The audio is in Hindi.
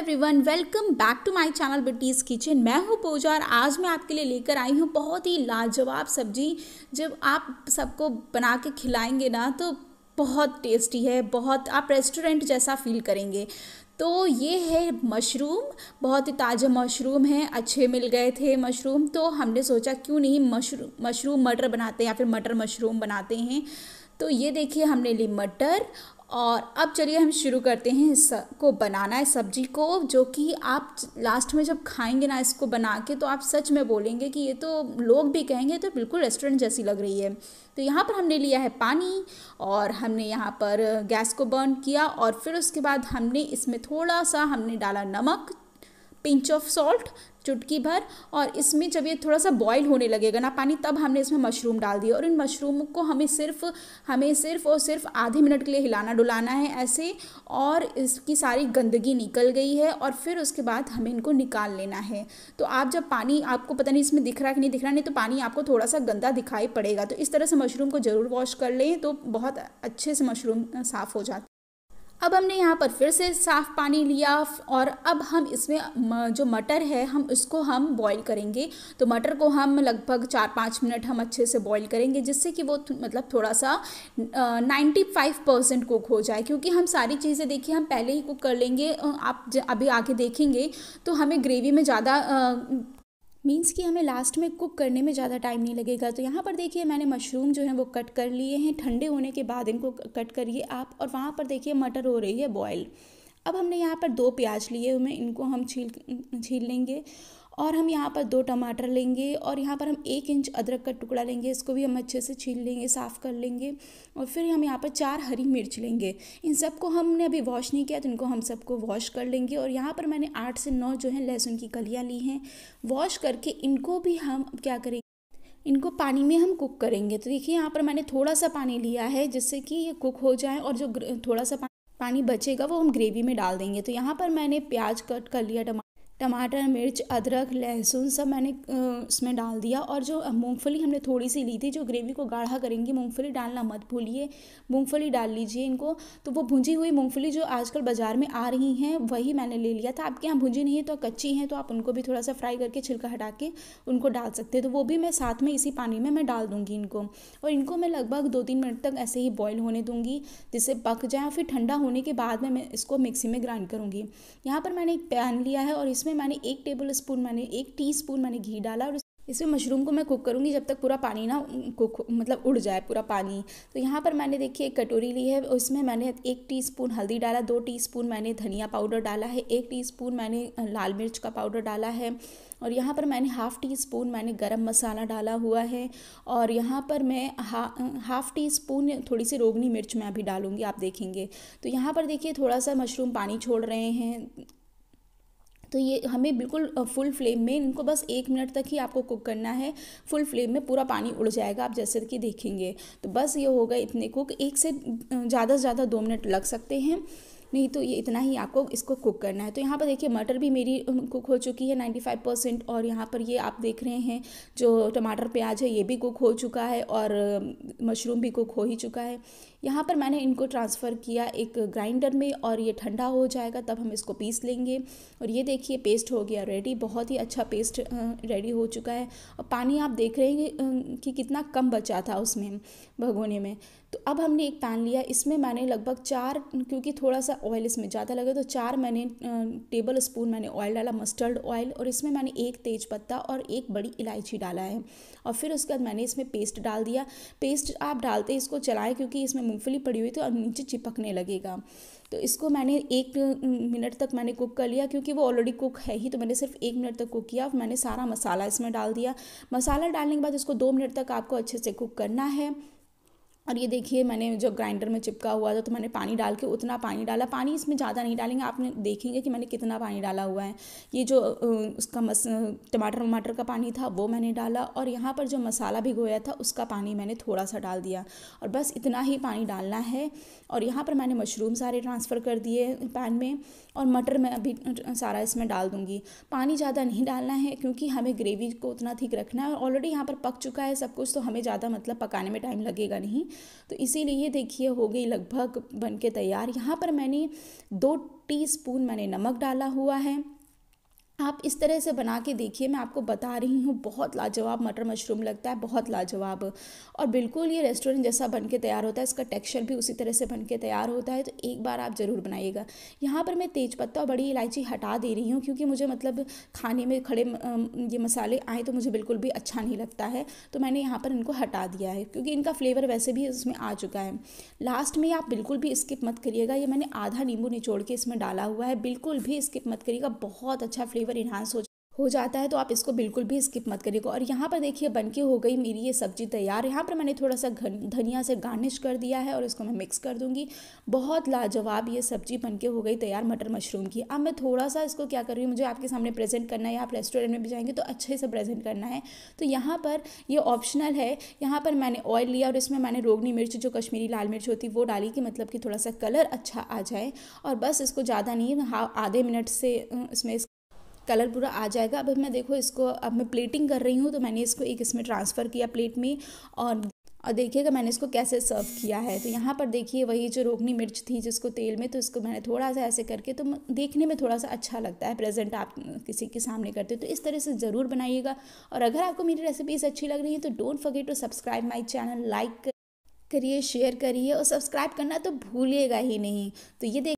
everyone welcome back to my channel बिटीज़ किचन मैं हूं पूजा और आज मैं आपके लिए लेकर आई हूं बहुत ही लाजवाब सब्जी जब आप सबको बना के खिलाएंगे ना तो बहुत टेस्टी है बहुत आप रेस्टोरेंट जैसा फील करेंगे तो ये है मशरूम बहुत ही ताज़ा मशरूम है अच्छे मिल गए थे मशरूम तो हमने सोचा क्यों नहीं मशरूम मशरूम मटर बनाते हैं या फिर मटर मशरूम बनाते हैं तो ये देखिए हमने ली मटर और अब चलिए हम शुरू करते हैं इस को बनाना है सब्जी को जो कि आप लास्ट में जब खाएंगे ना इसको बना के तो आप सच में बोलेंगे कि ये तो लोग भी कहेंगे तो बिल्कुल रेस्टोरेंट जैसी लग रही है तो यहाँ पर हमने लिया है पानी और हमने यहाँ पर गैस को बर्न किया और फिर उसके बाद हमने इसमें थोड़ा सा हमने डाला नमक पिंच ऑफ सॉल्ट चुटकी भर और इसमें जब ये थोड़ा सा बॉईल होने लगेगा ना पानी तब हमने इसमें मशरूम डाल दिया और इन मशरूम को हमें सिर्फ हमें सिर्फ और सिर्फ आधे मिनट के लिए हिलाना डुलाना है ऐसे और इसकी सारी गंदगी निकल गई है और फिर उसके बाद हमें इनको निकाल लेना है तो आप जब पानी आपको पता नहीं इसमें दिख रहा कि नहीं दिख रहा नहीं तो पानी आपको थोड़ा सा गंदा दिखाई पड़ेगा तो इस तरह से मशरूम को ज़रूर वॉश कर लें तो बहुत अच्छे से मशरूम साफ़ हो जाते अब हमने यहाँ पर फिर से साफ़ पानी लिया और अब हम इसमें जो मटर है हम उसको हम बॉईल करेंगे तो मटर को हम लगभग चार पाँच मिनट हम अच्छे से बॉईल करेंगे जिससे कि वो मतलब थोड़ा सा नाइन्टी फाइव परसेंट कुक हो जाए क्योंकि हम सारी चीज़ें देखिए हम पहले ही कुक कर लेंगे आप अभी आगे देखेंगे तो हमें ग्रेवी में ज़्यादा मीन्स कि हमें लास्ट में कुक करने में ज़्यादा टाइम नहीं लगेगा तो यहाँ पर देखिए मैंने मशरूम जो है वो कट कर लिए हैं ठंडे होने के बाद इनको कट करिए आप और वहाँ पर देखिए मटर हो रही है बॉयल अब हमने यहाँ पर दो प्याज लिए हुए इनको हम छील छील लेंगे और हम यहाँ पर दो टमाटर लेंगे और यहाँ पर हम एक इंच अदरक का टुकड़ा लेंगे इसको भी हम अच्छे से छील लेंगे साफ़ कर लेंगे और फिर हम यहाँ पर चार हरी मिर्च लेंगे इन सबको हमने अभी वॉश नहीं किया तो इनको हम सबको वॉश कर लेंगे और यहाँ पर मैंने आठ से नौ जो है लहसुन की कलियाँ ली हैं वॉश करके इनको भी हम क्या करेंगे इनको पानी में हम कुक करेंगे तो देखिए यहाँ पर मैंने थोड़ा सा पानी लिया है जिससे कि ये कुक हो जाए और जो थोड़ा सा पानी बचेगा वो हम ग्रेवी में डाल देंगे तो यहाँ पर मैंने प्याज कट कर लिया टमा टमाटर मिर्च अदरक लहसुन सब मैंने इसमें डाल दिया और जो मूंगफली हमने थोड़ी सी ली थी जो ग्रेवी को गाढ़ा करेंगी मूंगफली डालना मत भूलिए मूंगफली डाल लीजिए इनको तो वो भुंजी हुई मूंगफली जो आजकल बाज़ार में आ रही हैं वही मैंने ले लिया था आपके यहाँ भुंजी नहीं है तो कच्ची हैं तो आप उनको भी थोड़ा सा फ्राई करके छिलका हटा के उनको डाल सकते हैं तो वो भी मैं साथ में इसी पानी में मैं डाल दूँगी इनको और इनको मैं लगभग दो तीन मिनट तक ऐसे ही बॉयल होने दूँगी जिससे पक जाए फिर ठंडा होने के बाद में मैं इसको मिक्सी में ग्राइंड करूँगी यहाँ पर मैंने एक पैन लिया है और इसमें इसमें मैंने एक टेबल स्पून मैंने एक टी स्पून मैंने घी डाला और इसमें मशरूम को मैं कुक करूँगी जब तक पूरा पानी ना कुक मतलब उड़ जाए पूरा पानी तो यहाँ पर मैंने देखिए एक कटोरी ली है उसमें मैंने एक टीस्पून हल्दी डाला दो टीस्पून मैंने धनिया पाउडर डाला है एक टीस्पून मैंने लाल मिर्च का पाउडर डाला है और यहाँ पर मैंने हाफ़ टी स्पून मैंने गरम मसाला डाला हुआ है और यहाँ पर मैं हा हाफ़ टी स्पून थोड़ी सी रोगनी मिर्च मैं अभी डालूँगी आप देखेंगे तो यहाँ पर देखिए थोड़ा सा मशरूम पानी छोड़ रहे हैं तो ये हमें बिल्कुल फुल फ्लेम में इनको बस एक मिनट तक ही आपको कुक करना है फुल फ्लेम में पूरा पानी उड़ जाएगा आप जैसे कि देखेंगे तो बस ये होगा इतने कुक एक से ज़्यादा से ज़्यादा दो मिनट लग सकते हैं नहीं तो ये इतना ही आपको इसको कुक करना है तो यहाँ पर देखिए मटर भी मेरी कुक हो चुकी है नाइन्टी फाइव परसेंट और यहाँ पर ये आप देख रहे हैं जो टमाटर प्याज है ये भी कुक हो चुका है और मशरूम भी कुक हो ही चुका है यहाँ पर मैंने इनको ट्रांसफ़र किया एक ग्राइंडर में और ये ठंडा हो जाएगा तब हम इसको पीस लेंगे और ये देखिए पेस्ट हो गया रेडी बहुत ही अच्छा पेस्ट रेडी हो चुका है और पानी आप देख रहे हैं कि कितना कम बचा था उसमें भगोने में तो अब हमने एक पैन लिया इसमें मैंने लगभग चार क्योंकि थोड़ा सा ऑयल इसमें ज़्यादा लगे तो चार मैंने टेबल स्पून मैंने ऑयल डाला मस्टर्ड ऑयल और इसमें मैंने एक तेज पत्ता और एक बड़ी इलायची डाला है और फिर उसके बाद मैंने इसमें पेस्ट डाल दिया पेस्ट आप डालते इसको चलाएं क्योंकि इसमें मूँगफली पड़ी हुई थी और नीचे चिपकने लगेगा तो इसको मैंने एक मिनट तक मैंने कुक कर लिया क्योंकि वो ऑलरेडी कुक है ही तो मैंने सिर्फ एक मिनट तक कुक किया मैंने सारा मसाला इसमें डाल दिया मसाला डालने के बाद इसको दो मिनट तक आपको अच्छे से कुक करना है और ये देखिए मैंने जो ग्राइंडर में चिपका हुआ था तो मैंने पानी डाल के उतना पानी डाला पानी इसमें ज़्यादा नहीं डालेंगे आपने देखेंगे कि मैंने कितना पानी डाला हुआ है ये जो उसका मस टमाटर वमाटर का पानी था वो मैंने डाला और यहाँ पर जो मसाला भिगोया था उसका पानी मैंने थोड़ा सा डाल दिया और बस इतना ही पानी डालना है और यहाँ पर मैंने मशरूम सारे ट्रांसफ़र कर दिए पैन में और मटर मैं अभी सारा इसमें डाल दूँगी पानी ज़्यादा नहीं डालना है क्योंकि हमें ग्रेवी को उतना ठीक रखना है और ऑलरेडी यहाँ पर पक चुका है सब कुछ तो हमें ज़्यादा मतलब पकाने में टाइम लगेगा नहीं तो इसीलिए ये देखिए हो गई लगभग बन के तैयार यहाँ पर मैंने दो टीस्पून मैंने नमक डाला हुआ है आप इस तरह से बना के देखिए मैं आपको बता रही हूँ बहुत लाजवाब मटर मशरूम लगता है बहुत लाजवाब और बिल्कुल ये रेस्टोरेंट जैसा बन के तैयार होता है इसका टेक्सचर भी उसी तरह से बन के तैयार होता है तो एक बार आप ज़रूर बनाइएगा यहाँ पर मैं तेज़पत्ता और बड़ी इलायची हटा दे रही हूँ क्योंकि मुझे मतलब खाने में खड़े ये मसाले आए तो मुझे बिल्कुल भी अच्छा नहीं लगता है तो मैंने यहाँ पर इनको हटा दिया है क्योंकि इनका फ्लेवर वैसे भी इसमें आ चुका है लास्ट में आप बिल्कुल भी स्किप मत करिएगा ये मैंने आधा नींबू निचोड़ के इसमें डाला हुआ है बिल्कुल भी स्किप मत करिएगा बहुत अच्छा फ्लेवर फ्लेवर इन्हांस हो हो जाता है तो आप इसको बिल्कुल भी स्किप मत करिएगा और यहाँ पर देखिए बन के हो गई मेरी ये सब्जी तैयार यहाँ पर मैंने थोड़ा सा धनिया से गार्निश कर दिया है और इसको मैं मिक्स कर दूँगी बहुत लाजवाब ये सब्जी बन के हो गई तैयार मटर मशरूम की अब मैं थोड़ा सा इसको क्या कर रही हूँ मुझे आपके सामने प्रेजेंट करना है आप रेस्टोरेंट में भी जाएंगे तो अच्छे से प्रेजेंट करना है तो यहाँ पर ये ऑप्शनल है यहाँ पर मैंने ऑयल लिया और इसमें मैंने रोगनी मिर्च जो कश्मीरी लाल मिर्च होती वो डाली कि मतलब कि थोड़ा सा कलर अच्छा आ जाए और बस इसको ज़्यादा नहीं आधे मिनट से इसमें कलर पूरा आ जाएगा अब मैं देखो इसको अब मैं प्लेटिंग कर रही हूँ तो मैंने इसको एक इसमें ट्रांसफ़र किया प्लेट में और और देखिएगा मैंने इसको कैसे सर्व किया है तो यहाँ पर देखिए वही जो रोगनी मिर्च थी जिसको तेल में तो इसको मैंने थोड़ा सा ऐसे करके तो देखने में थोड़ा सा अच्छा लगता है प्रेजेंट आप किसी के सामने करते तो इस तरह से ज़रूर बनाइएगा और अगर आपको मेरी रेसिपीज़ अच्छी लग रही है तो don't forget to subscribe my channel like करिए शेयर करिए और सब्सक्राइब करना तो भूलिएगा ही नहीं तो ये देख